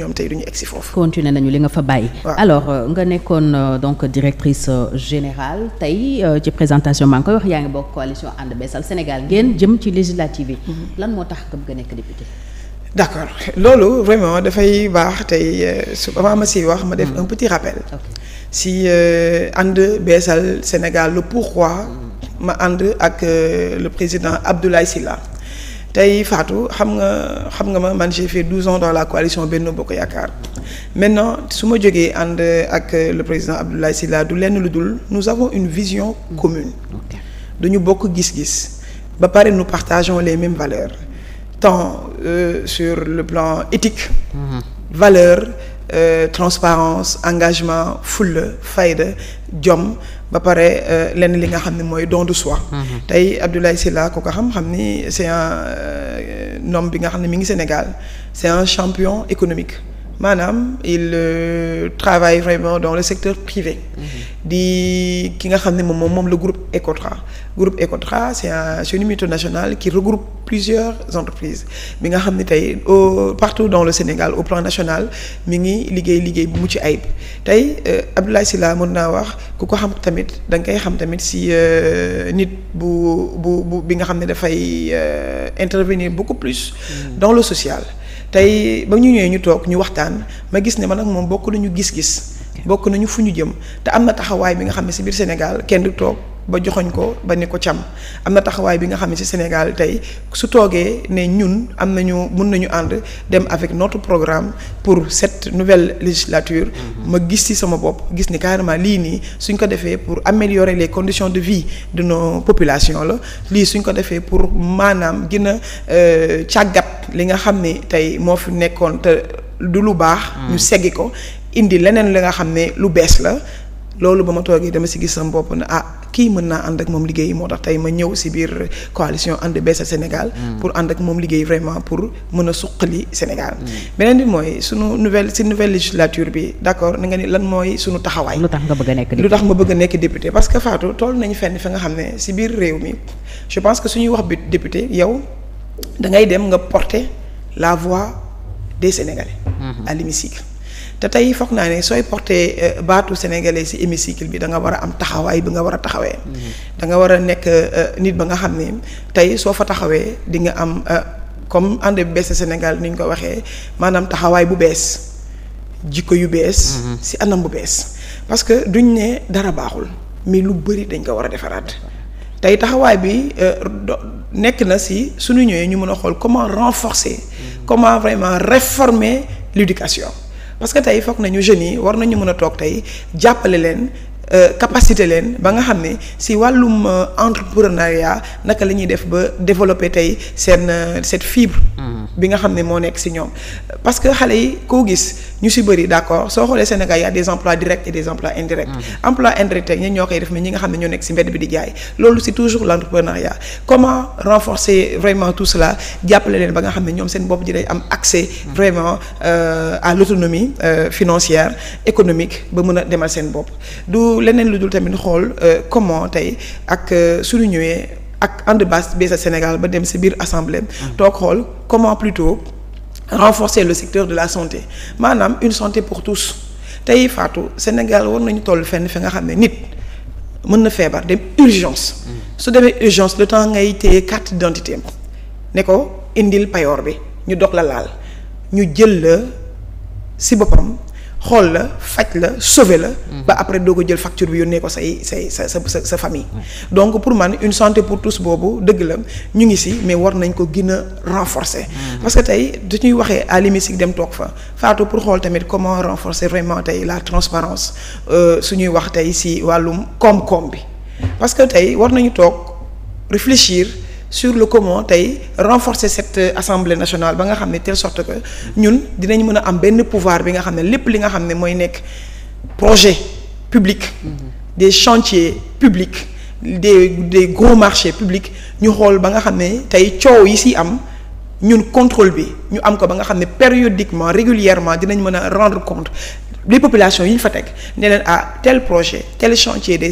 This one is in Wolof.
ñoom tey duñu egsi foofu. continué nañu li nga fa bàyyi. alors euh, nga nekkoon euh, donc directrice euh, générale tey ci présentation maa ngi koy wax yaa ngi bokk coalition ànd beesal Sénégal ngeen jëm ci législative yi. Mhm. lan moo tax nga nekk député. d'accord loolu vraiment dafay baax tey su avant ma siy wax ma def mhm. un petit rappel. si ànd beesal Sénégal le pourquoi. Mhm. ma ànd ak le président Abdoulaye Sylla. tey Fatou xam nga xam nga ma man j'ai fait douze ans dans la coalition Benno Bokk Yaakaar maintenant su ma jógee ànd ak le président Abdoulaye Sylla du lenn lu dul nu avons une vision commune dañu bokk gis-gis ba pare nu partageons les mêmes valeurs temps euh, sur le plan éthique mmh. valeur euh, transparence engagement fulla fayda jom ba pare euh, lenn li nga xam ne mooy don de soi. Mhm. tey Abdoulaye Sylla ko ko xam-xam ni c'est un euh, nom bi nga xam ne mi ngi Sénégal c'est un champion économique. maanaam il euh, travaille vraiment dans le secteur privé. Mhm. di ki nga xam ne moom moom le groupe Ecotra. groupe Ecotra c'est un c'est une multinationale qui regroupe plusieurs entreprises bi nga xam ne tey au partout dans le Sénégal au plan nationale mi ngi liggéey liggéey bu mu mucc ayib tey euh, Abdoulaye Sylla mën naa wax ku ko xam tamit da nga koy xam tamit si euh, nit bu bu bu bi nga xam ne dafay euh, intervenir beaucoup plus. Mhm. dans le social. tey ba ñu ñëwee ñu toog ñu waxtaan ma gis ne ma nag moom bokk na ñu gis-gis bokk nañu fu ñu jëm te am na taxawaay bi nga xam ne si biir Sénégal kenn du toog ba joxoñ ko ba ni ko cam am na taxawaay bi nga xam ne ci Sénégal tey su toogee ne ñun am nañu mun nañu ànd dem avec notre programme pour cette nouvelle législature mm-hmm. ma gis ci sama bopp gis ni carrément lii nii suñ ko defee pour améliorer les conditions de vie de nos la lii suñ ko defee pour maanaam gën a euh, càggat li nga xam ni tey moo fi nekkoon te du lu baax mm. ñu seggi ko indi leneen li nga xam ne lu bees la loolu ba ma toogee dama si gis sama bopp ne ah kii mën naa ànd ak moom liggéey moo tax tey ma ñëw si biir coalition ànd beesal Sénégal. Mm. pour ànd ak moom liggéey vraiment pour mën a suqali Sénégal. Mm. beneen bi mooy sunu nouvelle si nouvelle législature bi d' accord na nga ni lan mooy suñu taxawaay. lu tax nga bëgg a nekk député tax ma bëgg a nekk député parce que Fatou toll nañu fenn fi nga xam ne si biir réew mi je pense que suñu wax bi député yow da ngay dem nga porté la voix des Sénégalais. Mm-hmm. te tey foog naa ne sooy porté euh, baatu sénégalais ci hémicycle bi da nga war a am taxawaay bi nga war a taxawee. Mm-hmm. danga war a nekk euh, nit ba nga xam ne tey soo fa taxawee di nga am euh, comme ànd bu bees Sénégal ni ñu ko waxee maanaam taxawaay bu bees jikko yu bees. Mm-hmm. ci anam bu bees parce que duñ ne dara baaxul mais lu bari dañ ko war a defaraat. tey taxawaay bi nekk na si suñu ñëwee ñu mën a xool comment renforcer. Mm-hmm. comment vraiment réformer l'éducation parce que tey foog nañu jeunes yi war nañu mën a toog tey jàppale leen euh, capacité leen ba nga xam ne si wàllum euh, entrepreneuriat naka lañuy def ba développer tey seen euh, cette fibre. Mm-hmm. bi nga xam ne moo nekk si ñoom parce xale yi koo gis. ñu si bëri d' accord soo xoolee Sénégal y' a des emplois directs et des emplois indirects. Mm. emplois indirects ñi ñoo koy def mais ñi nga xam ne ñoo nekk si mbedd bi di jaay loolu c' toujours l' entrepreneuriat comment renforcer vraiment tout cela jàppale leen ba nga xam ne ñoom seen bopp ji day am accès. Mm. vraiment euh, à l' euh, financière économique ba mën a demal seen bopp du leneen lu dul tamit xool euh, comment tey ak suñu ñëwee ak ànd base bi sa ba dem si biir assemblée. Mm. toog xool comment plutôt. renforcer le secteur de la santé maanaam une santé pour tous tey Fatou Sénégal war nañu toll fenn fi nga xam ne nit mën na feebar dem urgence. su demee urgence le temps ngay téye carte d'identité ne ko indil payoor bi ñu dox la laal ñu jël la si boppam. xool la faj la sauver la. Mhm. ba après doo ko jël facture bi yónnee ko say say sa sa sa famille. donc pour man une santé pour tous boobu dëgg la ñu ngi si mais war nañ ko gën a renforcer. Mhm. parce que tey dañuy waxee à l'hémicycle dem toog fa Fatou pour xool tamit comment renforcer vraiment tey la transparence euh, suñuy wax tey si wàllum koom bi parce que tey war nañu toog réfléchir. sur le comment tey renforcer cette assemblée nationale ba nga xam ne tel sorte que ñun dinañ mën a am benn pouvoir bi nga xam ne lépp li nga xam ne mooy nekk projet public des chantiers publics des des gros marchés publics ñu xool ba nga xam ne tey coow yi si am ñun contrôle bi ñu am ko ba nga xam ne périodiquement régulièrement dinañ mën a rendre compte les populations yi ñu fa teg ne leen ah tel projet tel chantier des